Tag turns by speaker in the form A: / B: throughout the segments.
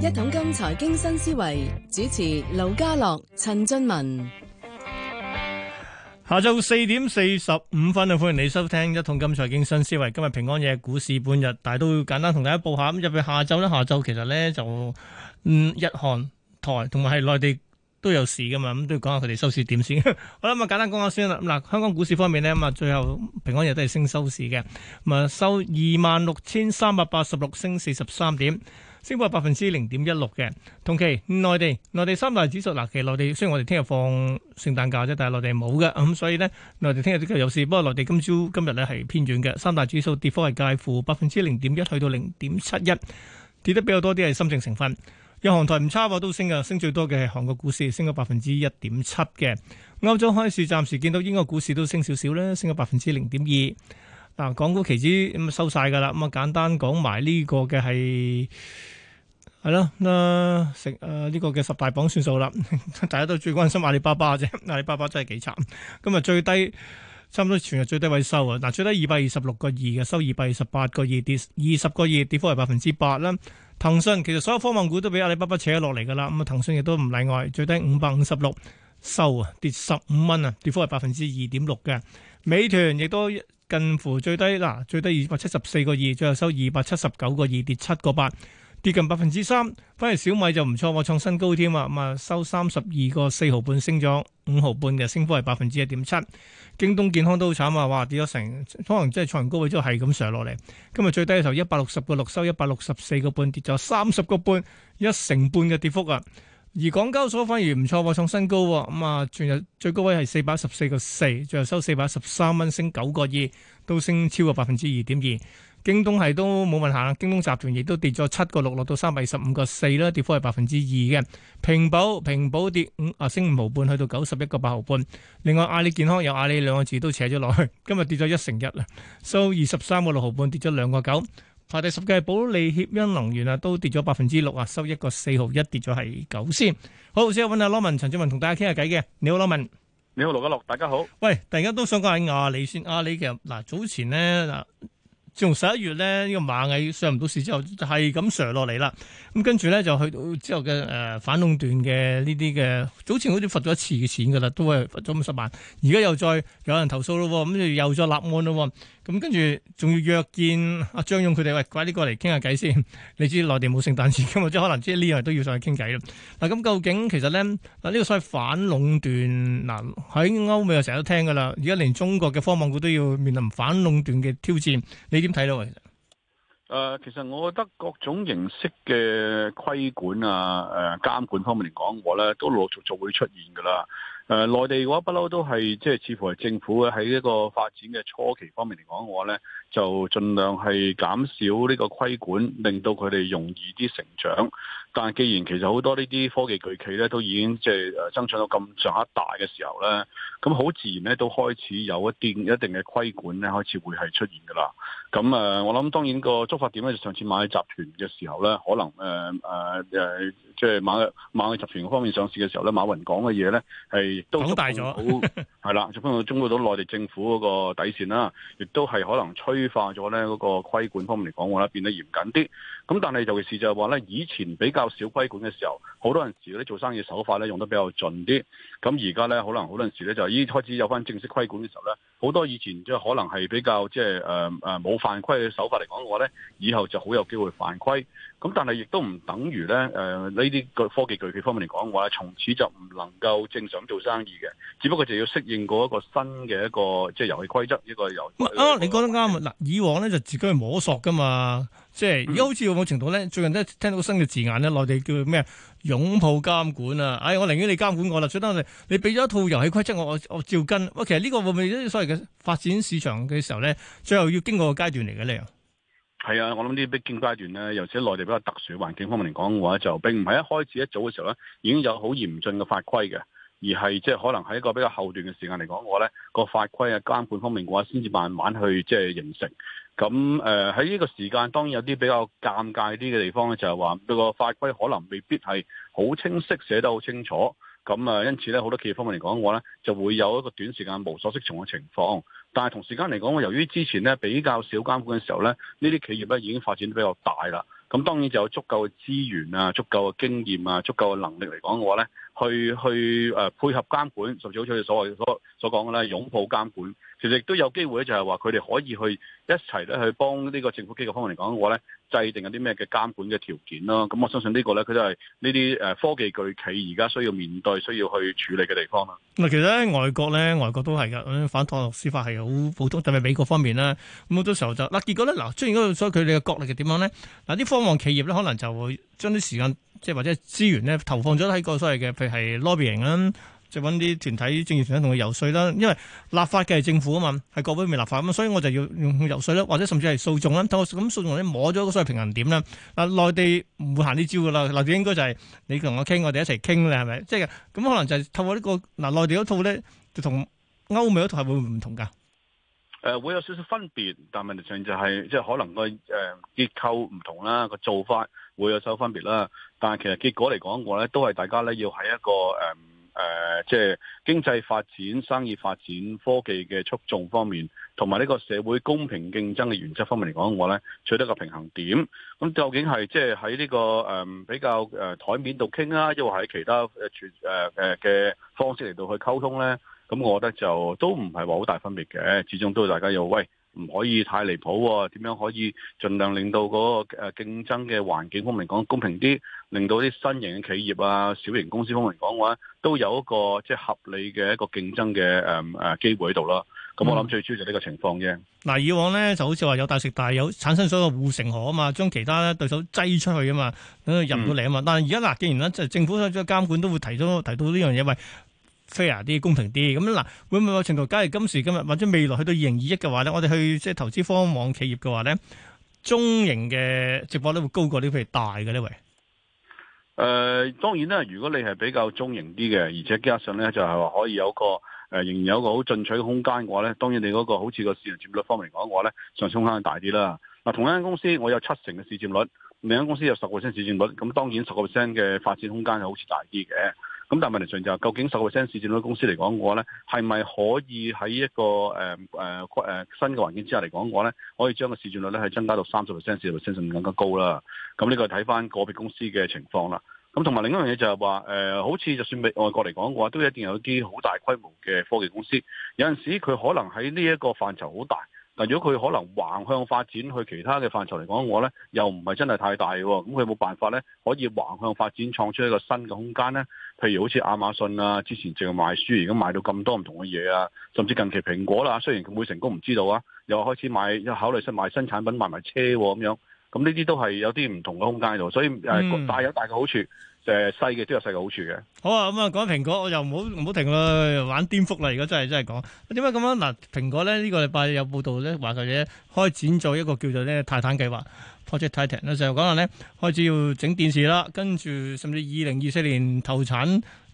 A: 一桶金財經新思維，主持盧家樂、陳俊文，下晝四點四十五分啊！歡迎你收聽一桶金財經新思維。今日平安夜股市半日，但係都要簡單同大家報下咁入去。下晝咧，下晝其實咧就嗯日韓台同埋係內地。都有市噶嘛，咁都要講下佢哋收市點先。 好啦，咁啊簡單講下先啦。嗱，香港股市方面呢，咁啊最後平安日都係升收市嘅，咁啊收二萬六千三百八十六，升四十三點，升幅係百分之零點一六嘅。同期內地，內地三大指數嗱，其實內地雖然我哋聽日放聖誕假啫，但係內地冇嘅，咁所以呢，內地聽日都有市。不過內地今朝今日呢係偏軟嘅，三大指數跌幅係介乎百分之零點一，去到零點七一，跌得比較多啲係深證成分。日韓台唔差嘅，都升嘅，升最多嘅係韓國股市，升咗百分之一點七嘅。歐洲開市，暫時見到英國股市都升少少啦，升咗百分之零點二。嗱、啊，港股期指咁、嗯、收晒噶啦，咁、嗯、啊簡單講埋呢個嘅係係啦，嗱、呃、成誒呢、呃這個嘅十大榜算數啦， 大家都最關心阿里巴巴啫，阿里巴巴真係幾慘，今日最低。差唔多全日最低位收啊！嗱，最低二百二十六個二嘅收二百二十八個二跌二十個二跌幅係百分之八啦。騰訊其實所有科網股都俾阿里巴巴扯落嚟噶啦，咁啊騰訊亦都唔例外，最低五百五十六收啊，跌十五蚊啊，跌幅係百分之二點六嘅。美團亦都近乎最低嗱，最低二百七十四個二最後收二百七十九個二跌七個八。跌近百分之三，反而小米就唔錯，創、哦、新高添啊！咁、嗯、啊，收三十二個四毫半，升咗五毫半嘅，升幅係百分之一點七。京東健康都好慘啊，哇，跌咗成，可能真係創完高位，之後係咁上落嚟。今日最低嘅時候一百六十個六，收一百六十四個半，跌咗三十個半，一成半嘅跌幅啊！而港交所反而唔錯，創新高，咁、嗯、啊，全日最高位係四百一十四個四，最後收四百一十三蚊，升九個二，都升超過百分之二點二。京東係都冇問下啦，京東集團亦都跌咗七個六，落到三百二十五個四啦，跌幅係百分之二嘅。平保平保跌五啊，升五毫半，去到九十一個八毫半。另外阿里健康有阿里兩個字都扯咗落去，今日跌咗一成一啦，收二十三個六毫半，跌咗兩個九。排第十嘅保利協鑫能源啊，都跌咗百分之六啊，收一個四毫一，跌咗係九先。好，先揾阿羅文陳俊文同大家傾下偈嘅。你好，羅文。
B: 你好，羅家樂，大家好。
A: 喂，大家都想講下阿里先，阿里嘅嗱早前呢。嗱。自從十一月咧呢、這個螞蟻上唔到市之後，就係咁 drop 落嚟啦。咁跟住咧就去到之後嘅誒、呃、反壟斷嘅呢啲嘅，早前好似罰咗一次嘅錢噶啦，都係罰咗五十萬。而家又再有人投訴咯，咁就又再立案咯。咁跟住仲要約見阿張勇佢哋，喂，快啲過嚟傾下偈先。你知內地冇聖誕節嘅嘛，即係可能即係呢樣都要上去傾偈啦。嗱，咁究竟其實咧，嗱呢個所謂反壟斷，嗱喺歐美又成日都聽噶啦。而家連中國嘅科網股都要面臨反壟斷嘅挑戰，你點睇到啊？誒，
B: 其實我覺得各種形式嘅規管啊、誒監管方面嚟講，我咧都陸續就會出現噶啦。誒、呃、內地嘅話，不嬲都係即係，似乎係政府喺一個發展嘅初期方面嚟講嘅話咧，就盡量係減少呢個規管，令到佢哋容易啲成長。但係既然其實好多呢啲科技巨企咧，都已經即係誒增長到咁上下大嘅時候咧，咁好自然咧，都開始有一啲一定嘅規管咧，開始會係出現㗎啦。咁誒、呃，我諗當然個觸發點咧，就上次螞蟻集團嘅時候咧，可能誒誒誒。呃呃呃即係馬螞蟻集團方面上市嘅時候咧，馬雲講嘅嘢咧係都好大咗，係 啦，包括到中國到內地政府嗰個底線啦，亦都係可能催化咗咧嗰個規管方面嚟講嘅話咧，變得嚴謹啲。咁但係尤其是就係話咧，以前比較少規管嘅時候，好多陣時咧做生意手法咧用得比較盡啲。咁而家咧可能好多陣時咧就已經開始有翻正式規管嘅時候咧，好多以前即係可能係比較即係誒誒冇犯規嘅手法嚟講嘅話咧，以後就好有機會犯規。咁、嗯、但係亦都唔等於咧，誒呢啲個科技巨企方面嚟講嘅話從此就唔能夠正常做生意嘅，只不過就要適應過一個新嘅一個即係遊戲規則呢個遊戲。唔
A: 啊，個你講得啱嗱，以往咧就自己去摸索噶嘛，即係而家好似有冇程度咧？最近都聽到新嘅字眼咧，內地叫咩？擁抱監管啊！哎，我寧願你監管我啦，最多你你俾咗一套遊戲規則，我我我照跟。哇，其實呢個會唔會所謂嘅發展市場嘅時候咧，最後要經過個階段嚟嘅你咧？
B: 係啊，我諗呢啲必經階段咧，尤其喺內地比較特殊嘅環境方面嚟講嘅話，就並唔係一開始一早嘅時候咧，已經有好嚴峻嘅法規嘅，而係即係可能喺一個比較後段嘅時間嚟講嘅話咧，個法規啊、監管方面嘅話，先至慢慢去即係形成。咁誒喺呢個時間，當然有啲比較尷尬啲嘅地方咧，就係話個法規可能未必係好清晰寫得好清楚。咁啊，因此咧，好多企業方面嚟講嘅話咧，就會有一個短時間無所適從嘅情況。但係同時間嚟講，我由於之前咧比較少監管嘅時候咧，呢啲企業咧已經發展得比較大啦。咁當然就有足夠嘅資源啊、足夠嘅經驗啊、足夠嘅能力嚟講嘅話咧，去去誒配合監管，甚至好似我所謂所所講嘅咧，擁抱監管。其實亦都有機會咧，就係話佢哋可以去一齊咧，去幫呢個政府機構方面嚟講嘅話咧，制定一啲咩嘅監管嘅條件咯。咁我相信呢個咧，佢都係呢啲誒科技巨企而家需要面對、需要去處理嘅地方啦。
A: 嗱，其實咧，外國咧，外國都係噶反托司法係好普通，特別係美國方面啦。咁好多時候就嗱結果咧，嗱，雖然所以佢哋嘅角力係點樣咧，嗱啲科網企業咧，可能就會將啲時間即係或者資源咧投放咗喺個所謂嘅，譬如係 lobbying 啦。就揾啲團體、政治團體同佢遊説啦，因為立法嘅係政府啊嘛，係國會未立法咁，所以我就要用遊説啦，或者甚至係訴訟啦。透過咁訴訟咧，摸咗所謂平衡點啦。嗱，內地唔會行呢招噶啦。內地應該就係你同我傾，我哋一齊傾咧，係咪？即係咁可能就係透過呢個嗱，內地嗰套咧，就同歐美嗰套係會唔同噶？
B: 誒，會有少少分別，但問題上就係即係可能個誒結構唔同啦，個做法會有所分別啦。但係其實結果嚟講，我咧都係大家咧要喺一個誒。誒、呃，即係經濟發展、生意發展、科技嘅促進方面，同埋呢個社會公平競爭嘅原則方面嚟講，我咧取得個平衡點。咁究竟係即係喺呢個誒、呃、比較誒台面度傾啊，抑或喺其他誒誒誒嘅方式嚟到去溝通咧？咁我覺得就都唔係話好大分別嘅，始終都係大家要喂。唔可以太離譜喎，點樣可以盡量令到嗰個誒競爭嘅環境方面講公平啲，令到啲新型嘅企業啊、小型公司方面講嘅話，都有一個即係合理嘅一個競爭嘅誒誒機會喺度咯。咁我諗最主要就呢個情況啫。嗱、
A: 嗯啊，以往咧就好似話有大食大有產生咗個護城河啊嘛，將其他咧對手擠出去啊嘛，等佢入唔到嚟啊嘛。嗯、但係而家嗱，既然咧即係政府喺度監管，都會提到提到呢樣嘢，因為。fair 啲公平啲咁嗱，會唔會有程度？假如今時今日或者未來去到二零二一嘅話咧，我哋去即係投資方網企業嘅話咧，中型嘅直播咧會高過如呢批大嘅呢位。
B: 誒、呃、當然啦，如果你係比較中型啲嘅，而且加上咧就係、是、話可以有個誒、呃、仍然有一個好進取嘅空間嘅話咧，當然你嗰、那個好似個市場佔率方面嚟講嘅話咧，上升空間大啲啦。嗱、啊、同一間公司，我有七成嘅市佔率，另一間公司有十個 percent 市佔率，咁當然十個 percent 嘅發展空間就好似大啲嘅。咁但係問題上就係、是，究竟十個 percent 市佔率公司嚟講嘅話咧，係咪可以喺一個誒誒誒新嘅環境之下嚟講嘅話咧，可以將個市佔率咧係增加到三十 percent、四十 percent 甚至更加高啦？咁呢個睇返個別公司嘅情況啦。咁同埋另一樣嘢就係、是、話，誒、呃、好似就算俾外國嚟講嘅話，都一定有啲好大規模嘅科技公司，有陣時佢可能喺呢一個範疇好大。但如果佢可能橫向發展去其他嘅範疇嚟講，我咧又唔係真係太大嘅，咁、嗯、佢有冇辦法咧可以橫向發展創出一個新嘅空間咧？譬如好似亞馬遜啊，之前淨係賣書，而家賣到咁多唔同嘅嘢啊，甚至近期蘋果啦、啊，雖然佢唔會成功唔知道啊，又開始賣，又考慮出賣新產品賣埋車咁、啊、樣，咁呢啲都係有啲唔同嘅空間喺度，所以誒大有大嘅好處。誒，細嘅都有細嘅
A: 好處嘅。好啊，咁啊講蘋果，我又唔好唔好停啦，玩顛覆啦。如果真係真係講，點解咁樣？嗱，蘋果咧呢個禮拜有報道咧，話佢者開展咗一個叫做咧泰坦計劃 （Project Titan），咧就講話咧開始要整電視啦，跟住甚至二零二四年投產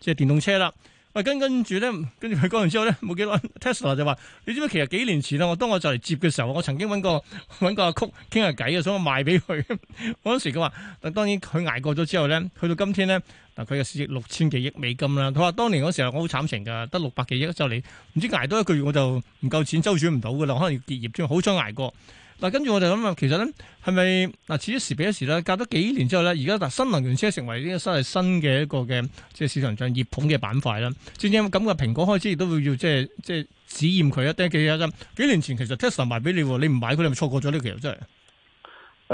A: 即係、就是、電動車啦。喂，跟跟住咧，跟住佢講完之後咧，冇幾耐，Tesla 就話：你知唔知其實幾年前啊？我當我就嚟接嘅時候，我曾經揾個揾個阿曲傾下偈啊，想賣俾佢。嗰 時佢話：但當然佢捱過咗之後咧，去到今天咧，嗱佢嘅市值六千幾億美金啦。佢話：當年嗰時候我好慘情㗎，得六百幾億就係、你唔知捱多一個月我就唔夠錢周轉唔到㗎啦，可能要結業添。好彩捱過。嗱、啊，跟住我哋諗啊，其實咧係咪嗱，此一時彼一時啦，隔咗幾年之後咧，而家嗱，新能源車成為呢個新係新嘅一個嘅即係市場上熱捧嘅板塊啦。正正咁嘅蘋果開始亦都會要即係即係檢驗佢一啲嘅嘢啦。幾年前其實 Tesla 賣俾你，你唔買佢，你咪錯過咗呢期，真
B: 係。誒、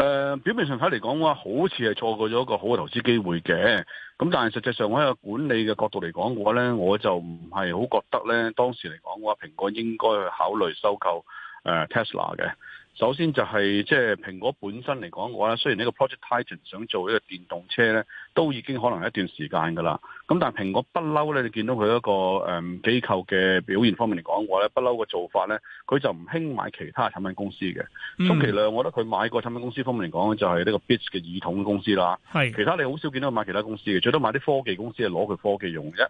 B: 呃，表面上睇嚟講嘅話，好似係錯過咗一個好嘅投資機會嘅。咁但係實際上我喺個管理嘅角度嚟講嘅話咧，我就唔係好覺得咧，當時嚟講嘅話，蘋果應該去考慮收購誒 Tesla 嘅。呃首先就係、是、即係蘋果本身嚟講嘅話咧，雖然呢個 Project Titan 想做呢個電動車咧，都已經可能一段時間㗎啦。咁但係蘋果不嬲咧，你見到佢一個誒、嗯、機構嘅表現方面嚟講嘅話咧，不嬲嘅做法咧，佢就唔輕興買其他產品公司嘅。充、嗯、其量，我覺得佢買個產品公司方面嚟講，就係、是、呢個 Beats 嘅耳筒公司啦。係是其他你好少見到買其他公司嘅，最多買啲科技公司係攞佢科技用啫。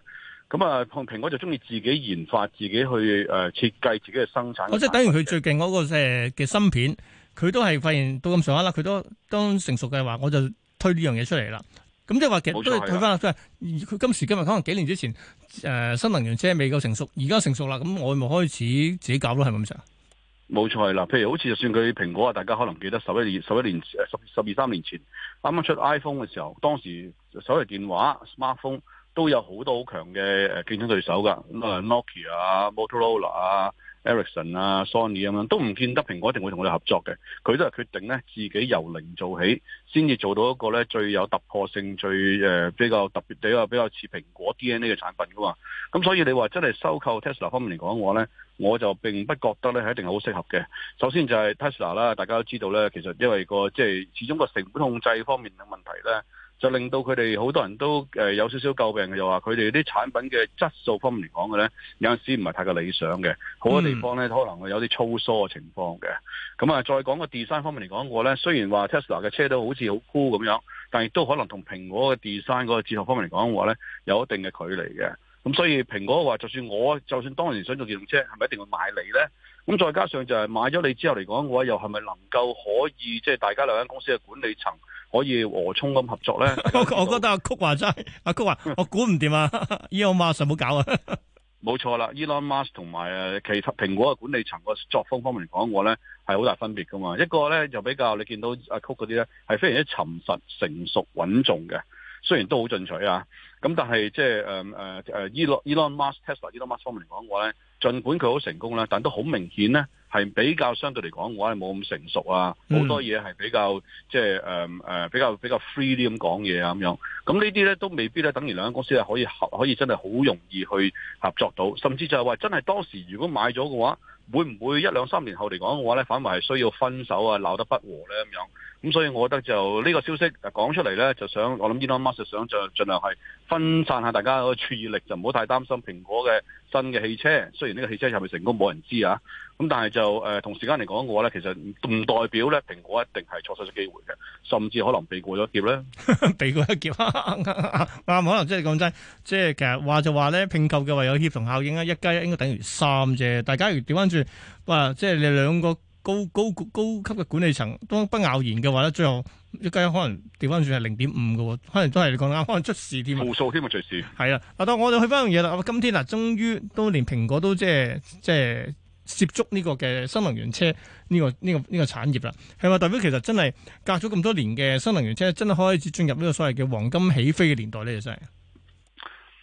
B: 咁啊，同、嗯、蘋果就中意自己研發，自己去誒、呃、設計，自己嘅生產，產。即係等於佢
A: 最近嗰、那個嘅、呃、芯片，佢都係發現到咁上下啦。佢都當成熟嘅話，我就推呢樣嘢出嚟啦。咁、嗯、即係話其實都係退翻啦，都係佢今時今日可能幾年之前誒、呃、新能源車未夠成熟，而家成熟啦，咁、嗯、我咪開始自己搞咯，係咪咁上
B: 下？冇錯啦。譬如好似就算佢蘋果啊，大家可能記得十一年、十一年、十十二三年前啱啱出 iPhone 嘅時候，當時所謂電話 smartphone。都有好多好強嘅誒競爭對手㗎，咁啊 Nokia 啊、Motorola 啊、Ericsson 啊、Sony 咁樣都唔見得蘋果一定會同佢哋合作嘅，佢都係決定咧自己由零做起，先至做到一個咧最有突破性、最誒比較特別、比較比較似蘋果 DNA 嘅產品㗎嘛。咁所以你話真係收購 Tesla 方面嚟講嘅話，我咧我就並不覺得咧係一定好適合嘅。首先就係 Tesla 啦，大家都知道咧，其實因為個即係始終個成本控制方面嘅問題咧。就令到佢哋好多人都誒、呃、有少少詬病嘅，又話佢哋啲產品嘅質素方面嚟講嘅咧，有陣時唔係太過理想嘅，好多地方咧可能會有啲粗疏嘅情況嘅。咁、嗯、啊，再講個 design 方面嚟講，嘅話咧，雖然話 Tesla 嘅車都好似好 cool 咁樣，但亦都可能同蘋果嘅 design 嗰個哲學方面嚟講嘅話咧，有一定嘅距離嘅。咁、嗯、所以蘋果話，就算我就算當年想做電動車，係咪一定要買你咧？咁、嗯、再加上就係買咗你之後嚟講嘅話，又係咪能夠可以即係、就是、大家兩間公司嘅管理層可以和衷咁合作咧？ 我覺得
A: 阿曲話真係，阿曲話我估唔掂啊！Elon Musk 冇搞啊！
B: 冇錯啦，Elon Musk 同埋誒其他蘋果嘅管理層個作風方面嚟講嘅話咧，係好大分別噶嘛。一個咧就比較你見到阿曲嗰啲咧，係非常之沉實、成熟、穩重嘅，雖然都好進取啊。咁但係即係誒誒誒，Elon Musk Tesla Elon Musk 方面嚟講嘅話咧，儘管佢好成功啦，但都好明顯咧，係比較相對嚟講嘅話，係冇咁成熟啊，好、嗯、多嘢係比較即係誒誒比較比較 free 啲咁講嘢啊咁樣。咁、嗯、呢啲咧都未必咧，等於兩間公司係可以合可以真係好容易去合作到，甚至就係話真係當時如果買咗嘅話。會唔會一兩三年後嚟講嘅話咧，反而係需要分手啊，鬧得不和咧咁樣？咁、嗯、所以我覺得就呢、呢個消息講出嚟咧，就想我諗 Elon Musk 想就儘量係分散下大家個注意力，就唔好太擔心蘋果嘅。新嘅汽車，雖然呢個汽車係咪成功冇人知啊，咁但係就誒、呃、同時間嚟講嘅話咧，其實唔代表咧蘋果一定係錯失咗機會嘅，甚至可能避 過咗了劫咧。避過一劫
A: 啱，可能即係講真，即係其實話就話咧，併購嘅話有協同效應啊，一加一應該等於三啫。大家如調翻轉，哇！即、就、係、是、你兩個。高高高級嘅管理層，當不咬言嘅話咧，最後一計可能調翻轉係零點五嘅，可能都係你講
B: 啱，可能出事添，無數添啊隨時。係
A: 啊，嗱，我哋去翻樣嘢啦。我今天嗱，終於都連蘋果都即係即係涉足呢個嘅新能源車呢個呢個呢個產業啦。係咪代表其實真係隔咗咁多年嘅新能源車，真係開始進入呢個所謂嘅黃金起飛嘅年代咧，就真
B: 係。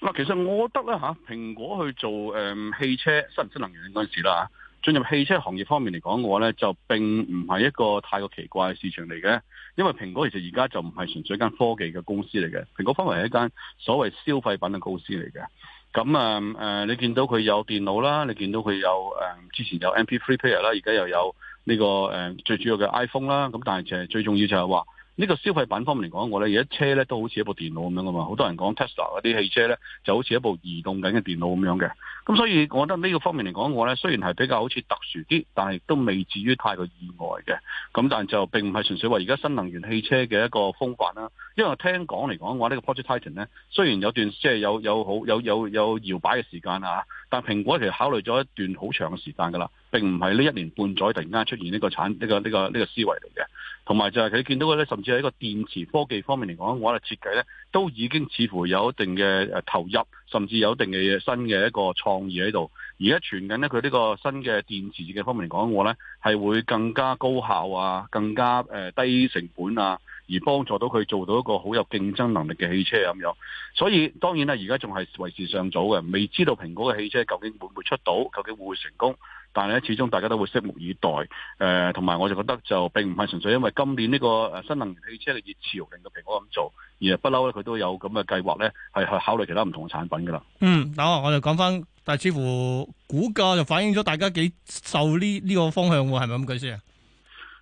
B: 嗱，其實我覺得咧吓，蘋果去做誒、嗯、汽車新唔新能源嗰陣時啦吓。進入汽車行業方面嚟講嘅話咧，就並唔係一個太過奇怪嘅市場嚟嘅，因為蘋果其實而家就唔係純粹一間科技嘅公司嚟嘅，蘋果分為一間所謂消費品嘅公司嚟嘅。咁啊誒，你見到佢有電腦啦，你見到佢有誒、呃、之前有 MP3 player 啦，而家又有呢、這個誒、呃、最主要嘅 iPhone 啦。咁但係其實最重要就係話。呢個消費品方面嚟講，我咧而家車咧都好似一部電腦咁樣噶嘛，好多人講 Tesla 嗰啲汽車咧就好似一部移動緊嘅電腦咁樣嘅。咁所以，我覺得呢個方面嚟講，我咧雖然係比較好似特殊啲，但係都未至於太過意外嘅。咁但係就並唔係純粹話而家新能源汽車嘅一個風範啦。因為我聽講嚟講嘅話，呢個 Project Titan 咧雖然有段即係、就是、有有好有有有搖擺嘅時間啊，但係蘋果其實考慮咗一段好長嘅時間噶啦。並唔係呢一年半載突然間出現呢、這個產呢、這個呢、這個呢、這個思維嚟嘅，同埋就係佢見到佢咧，甚至喺個電池科技方面嚟講，我嘅設計咧都已經似乎有一定嘅誒投入，甚至有一定嘅新嘅一個創意喺度。而家傳緊咧，佢呢個新嘅電池嘅方面嚟講，我咧係會更加高效啊，更加誒低成本啊，而幫助到佢做到一個好有競爭能力嘅汽車咁樣。所以當然啦，而家仲係為時尚早嘅，未知道蘋果嘅汽車究竟會唔會出到，究竟會唔會成功。但係咧，始終大家都會拭目以待。誒、呃，同埋我就覺得就並唔係純粹因為今年呢個誒新能源汽車嘅熱潮令到蘋果咁做，而係不嬲咧佢都有咁嘅計劃咧，係去考慮其他唔同嘅產品噶啦。
A: 嗯，嗱，我哋講翻，但係似乎股價就反映咗大家幾受呢呢、呢個方向，係咪咁講先啊？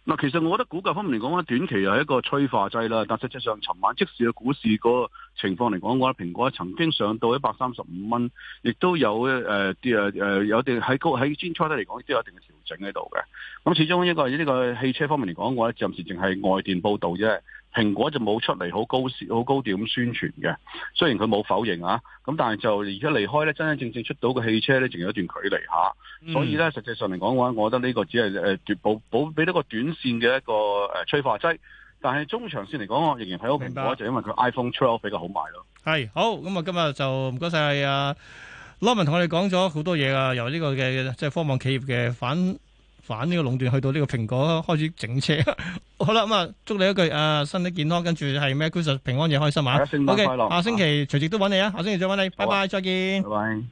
B: 嗱，其實我覺得股價方面嚟講咧，短期又係一個催化劑啦。但實際上，尋晚即時嘅股市個情況嚟講，我覺得蘋果曾經上到一百三十五蚊，亦都有誒啲誒誒有啲喺高喺專初低嚟講，都、呃、有一定嘅、er、調整喺度嘅。咁始終一個呢個汽車方面嚟講，我咧暫時淨係外電報道啫。蘋果就冇出嚟好高、好高調咁宣傳嘅，雖然佢冇否認啊，咁但係就而家離開咧，真真正正出到個汽車咧，仲有一段距離吓。嗯、所以咧，實際上嚟講嘅話，我覺得呢個只係誒短保保俾到個短線嘅一個誒、呃、催化劑，但係中長線嚟講，我仍然睇好蘋果，明白。就因為佢 iPhone 12比較好賣咯。
A: 係好，咁啊，今日就唔該晒阿羅文同我哋講咗好多嘢啊，由呢個嘅即係科網企業嘅反。反呢個壟斷，去到呢個蘋果開始整車， 好啦咁啊，祝你一句誒、呃、身體健康，跟住係咩？其實平安夜開心啊！聖誕快樂！Okay, 下星期隨時都揾你啊，下星期再揾你，啊、拜拜，再見。拜拜。